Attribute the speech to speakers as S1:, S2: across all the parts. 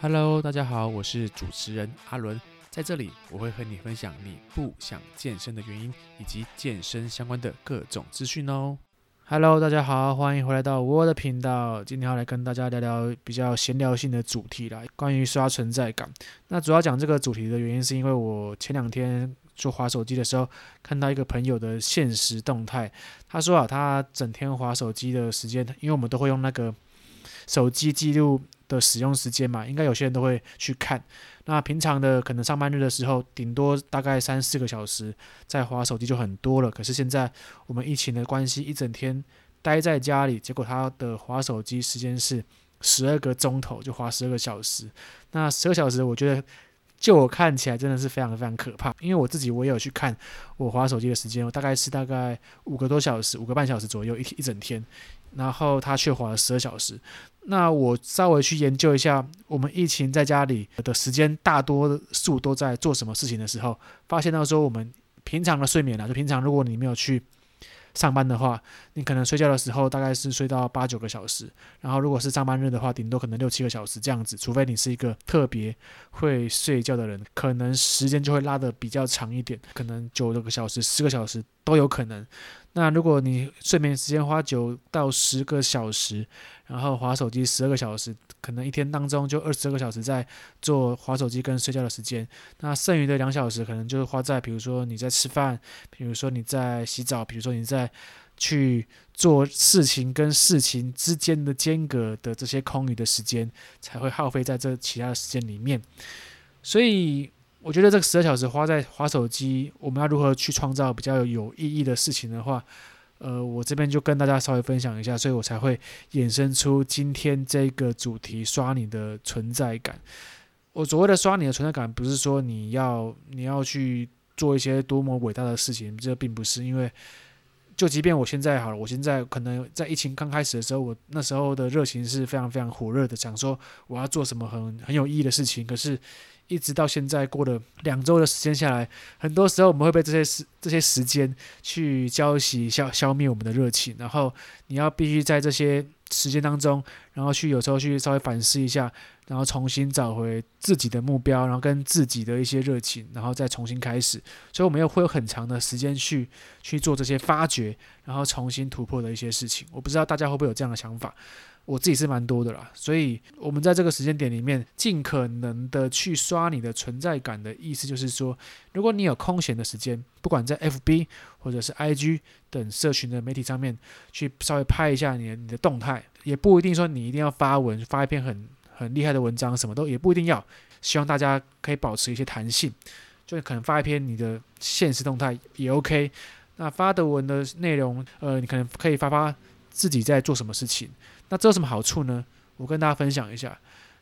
S1: Hello，大家好，我是主持人阿倫，在這裡我會和你分享你不想健身的原因，以及健身相關的各種資訊哦。Hello，大家好，歡迎回來到我的頻道，今天要來跟大家聊聊比較閒聊性的主題啦，關於刷存在感。那主要講這個主題的原因，是因為我前兩天去滑手機的時候，看到一個朋友的限時動態，他說啊，他整天滑手機的時間，因為我們都會用那個手機記錄。的使用時間嘛，應該有些人都會去看。那平常的可能上班日的時候，頂多大概三四個小時在滑手機就很多了。可是現在我們疫情的關係，一整天待在家裡，結果他的滑手機時間是十二個鐘頭，就滑十二個小時。那十二小時，我覺得就我看起來真的是非常非常可怕。因為我自己我也有去看我滑手機的時間，我大概是大概五個多小時，五個半小時左右，一天一整天，然後他卻滑了十二小時。那我稍微去研究一下，我們疫情在家裡的時間大多數都在做什麼事情的時候，發現到說我們平常的睡眠啊，就平常如果你沒有去上班的話，你可能睡覺的時候大概是睡到八九個小時，然後如果是上班日的話，頂多可能六七個小時這樣子，除非你是一個特別會睡覺的人，可能時間就會拉得比較長一點，可能九個小時、十個小時。都有可能。那如果你睡眠時間花九到十個小時，然後滑手機十二個小時，可能一天當中就二十二個小時在做滑手機跟睡覺的時間，那剩餘的兩小時可能就是花在，比如說你在吃飯，比如說你在洗澡，比如說你在去做事情跟事情之間的間隔的這些空餘的時間，才會耗費在這其他的時間裡面。所以。我覺得這個十二小時花在滑手機，我們要如何去創造比較有意義的事情的話，呃，我這邊就跟大家稍微分享一下，所以我才會衍生出今天這個主題——刷你的存在感。我所謂的刷你的存在感，不是說你要你要去做一些多麼偉大的事情，這並不是因為。就即便我現在好了，我現在可能在疫情剛開始的時候，我那時候的熱情是非常非常火熱的，想說我要做什麼很很有意義的事情。可是，一直到現在過了兩週的時間下來，很多時候我們會被這些時這些時間去澆熄消消滅我們的熱情，然後你要必須在這些時間當中。然後去，有時候去稍微反思一下，然後重新找回自己的目標，然後跟自己的一些熱情，然後再重新開始。所以我們又會有很長的時間去去做這些發掘，然後重新突破的一些事情。我不知道大家會不會有這樣的想法，我自己是蠻多的啦。所以我們在這個時間點裡面，盡可能的去刷你的存在感的意思就是說，如果你有空閒的時間，不管在 FB 或者是 IG 等社群的媒體上面，去稍微拍一下你你的動態。也不一定說你一定要發文發一篇很很厲害的文章，什麼都也不一定要。希望大家可以保持一些彈性，就可能發一篇你的限時動態也 OK。那發的文的內容，呃，你可能可以發發自己在做什麼事情。那這有什麼好處呢？我跟大家分享一下。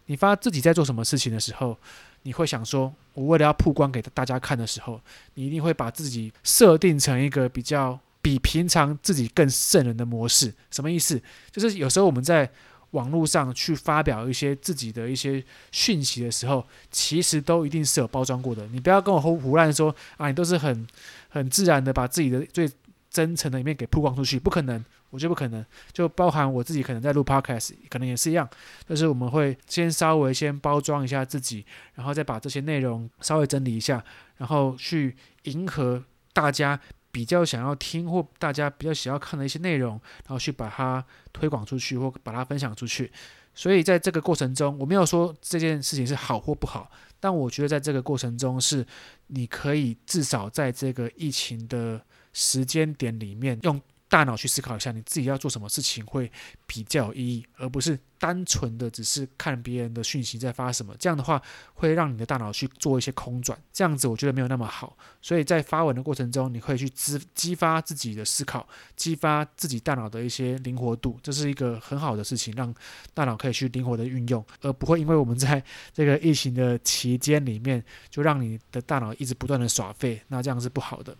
S1: 你發自己在做什麼事情的時候，你會想說，我為了要曝光給大家看的時候，你一定會把自己設定成一個比較。比平常自己更勝人的模式，什麼意思？就是有時候我們在網絡上去發表一些自己的一些訊息的時候，其實都一定是有包裝過的。你不要跟我胡胡亂說啊！你都是很很自然的把自己的最真誠的一面給曝光出去，不可能，我覺得不可能。就包含我自己可能在錄 podcast，可能也是一樣。但是我們會先稍微先包裝一下自己，然後再把這些內容稍微整理一下，然後去迎合大家。比較想要聽或大家比較想要看的一些內容，然後去把它推廣出去或把它分享出去。所以在這個過程中，我沒有說這件事情是好或不好，但我覺得在這個過程中是你可以至少在這個疫情的時間點裡面用。大腦去思考一下，你自己要做什麼事情會比較有意義，而不是單純的只是看別人的訊息在發什麼。這樣的話，會讓你的大腦去做一些空轉，這樣子我覺得沒有那麼好。所以在發文的過程中，你可以去激激發自己的思考，激發自己大腦的一些靈活度，這是一個很好的事情，讓大腦可以去靈活的運用，而不會因為我們在這個疫情的期間裡面，就讓你的大腦一直不斷的耍廢，那這樣是不好的。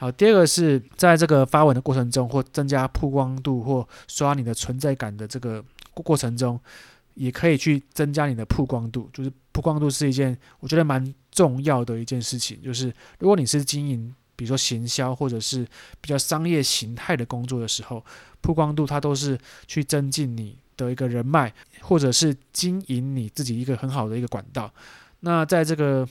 S1: 好，第二個是在這個發文的過程中，或增加曝光度，或刷你的存在感的這個過程中，也可以去增加你的曝光度。就是曝光度是一件我覺得蠻重要的一件事情。就是如果你是經營，比如說行銷，或者是比較商業形態的工作的時候，曝光度它都是去增進你的一個人脈，或者是經營你自己一個很好的一個管道。那在這個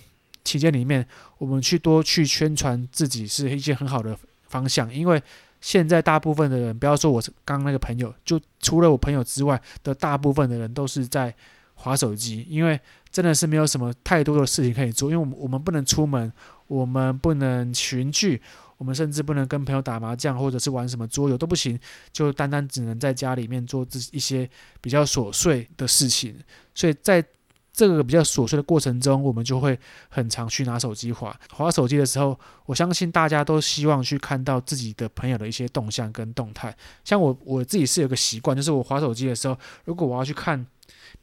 S1: 期間裡面，我們去多去宣傳自己是一些很好的方向，因為現在大部分的人，不要說我是剛那個朋友，就除了我朋友之外的大部分的人都是在滑手機，因為真的是沒有什麼太多的事情可以做，因為我們我們不能出門，我們不能群聚，我們甚至不能跟朋友打麻將或者是玩什麼桌遊都不行，就單單只能在家裡面做自己一些比較瑣碎的事情，所以在。這個比較瑣碎的過程中，我們就會很常去拿手機滑。滑手機的時候，我相信大家都希望去看到自己的朋友的一些動向跟動態。像我，我自己是有個習慣，就是我滑手機的時候，如果我要去看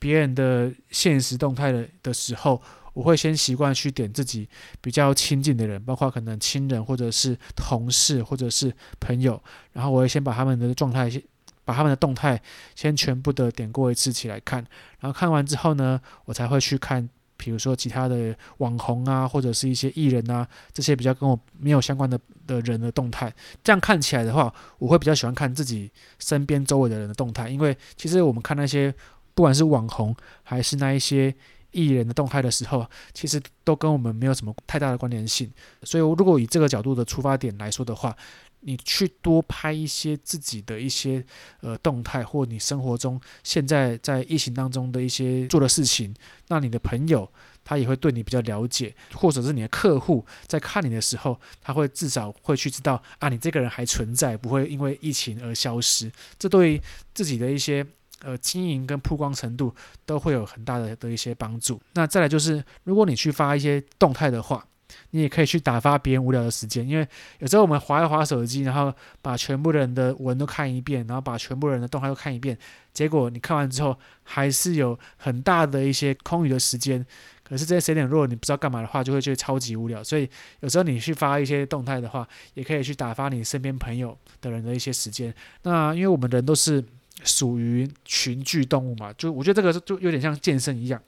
S1: 別人的限時動態的的時候，我會先習慣去點自己比較親近的人，包括可能親人或者是同事或者是朋友，然後我會先把他們的狀態先。把他們的動態先全部的點過一次起來看，然後看完之後呢，我才會去看，比如說其他的網紅啊，或者是一些藝人啊，這些比較跟我沒有相關的的人的動態。這樣看起來的話，我會比較喜歡看自己身邊周圍的人的動態，因為其實我們看那些不管是網紅還是那一些藝人的動態的時候，其實都跟我們沒有什麼太大的關聯性。所以我如果以這個角度的出發點來說的話，你去多拍一些自己的一些呃動態，或你生活中現在在疫情當中的一些做的事情，那你的朋友他也會對你比較了解，或者是你的客戶在看你的時候，他會至少會去知道啊，你這個人還存在，不會因為疫情而消失。這對於自己的一些呃經營跟曝光程度都會有很大的的一些幫助。那再來就是，如果你去發一些動態的話，你也可以去打發別人無聊的時間，因為有時候我們滑一滑手機，然後把全部人的文都看一遍，然後把全部人的動態都看一遍，結果你看完之後還是有很大的一些空餘的時間。可是這些時間如果你不知道幹嘛的話，就會覺得超級無聊。所以有時候你去發一些動態的話，也可以去打發你身邊朋友的人的一些時間。那因為我們人都是屬於群居動物嘛，就我覺得這個就有點像健身一樣。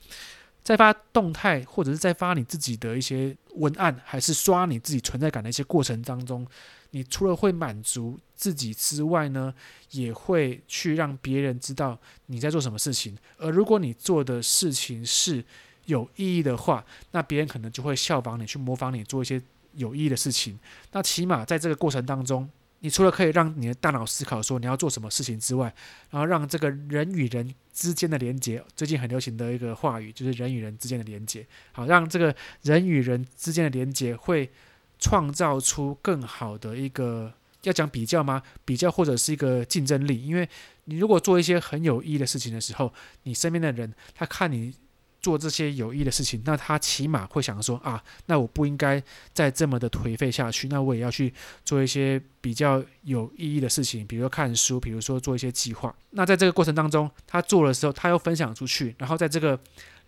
S1: 在發動態，或者是在發你自己的一些文案，還是刷你自己存在感的一些過程當中，你除了會滿足自己之外呢，也會去讓別人知道你在做什麼事情。而如果你做的事情是有意義的話，那別人可能就會效仿你，去模仿你做一些有意義的事情。那起碼在這個過程當中，你除了可以讓你的大腦思考說你要做什麼事情之外，然後讓這個人與人之間的連接，最近很流行的一個話語就是人與人之間的連接，好讓這個人與人之間的連接會創造出更好的一個，要講比較嗎？比較或者是一個競爭力，因為你如果做一些很有意義的事情的時候，你身邊的人他看你。做這些有意義的事情，那他起碼會想說啊，那我不應該再這麼的頹廢下去，那我也要去做一些比較有意義的事情，比如說看書，比如說做一些計劃。那在這個過程當中，他做的時候，他又分享出去，然後在這個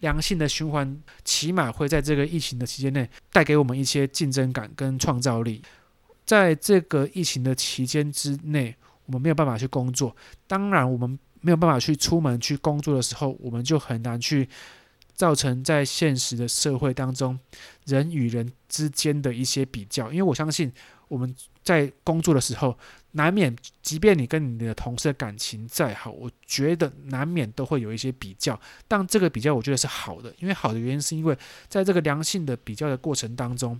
S1: 良性的循環，起碼會在這個疫情的期間內帶給我們一些競爭感跟創造力。在這個疫情的期間之內，我們沒有辦法去工作，當然我們沒有辦法去出門去工作的時候，我們就很難去。造成在現實的社會當中，人與人之間的一些比較。因為我相信我們在工作的時候，難免，即便你跟你的同事的感情再好，我覺得難免都會有一些比較。但這個比較，我覺得是好的，因為好的原因是因為在這個良性的比較的過程當中，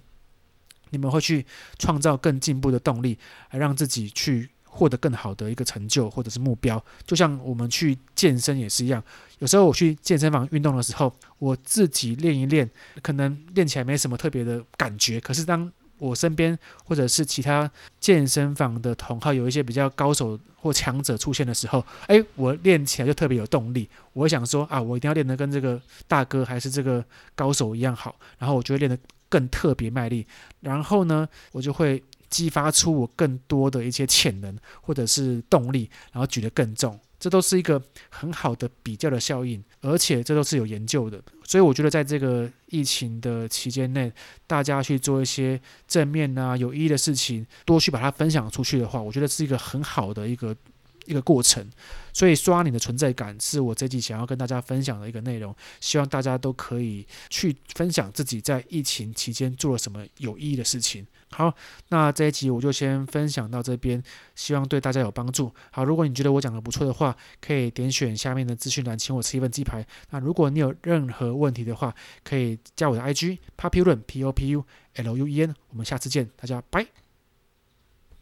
S1: 你們會去創造更進步的動力，而讓自己去。獲得更好的一個成就，或者是目標，就像我們去健身也是一樣。有時候我去健身房運動的時候，我自己練一練，可能練起來沒什麼特別的感覺。可是當我身邊或者是其他健身房的同好有一些比較高手或強者出現的時候，哎，我練起來就特別有動力。我想說啊，我一定要練得跟這個大哥還是這個高手一樣好。然後我就會練得更特別賣力。然後呢，我就會。激發出我更多的一些潛能或者是動力，然後舉得更重，這都是一個很好的比較的效應，而且這都是有研究的，所以我覺得在這個疫情的期間內，大家去做一些正面啊、有意義的事情，多去把它分享出去的話，我覺得是一個很好的一個。一個過程，所以刷你的存在感是我這集想要跟大家分享的一個內容，希望大家都可以去分享自己在疫情期間做了什麼有意義的事情。好，那這一集我就先分享到這邊，希望對大家有幫助。好，如果你覺得我講的不錯的話，可以點選下面的資訊欄，請我吃一份雞排。那如果你有任何問題的話，可以加我的 IG populuen p o p u l u e n。我們下次見，大家拜。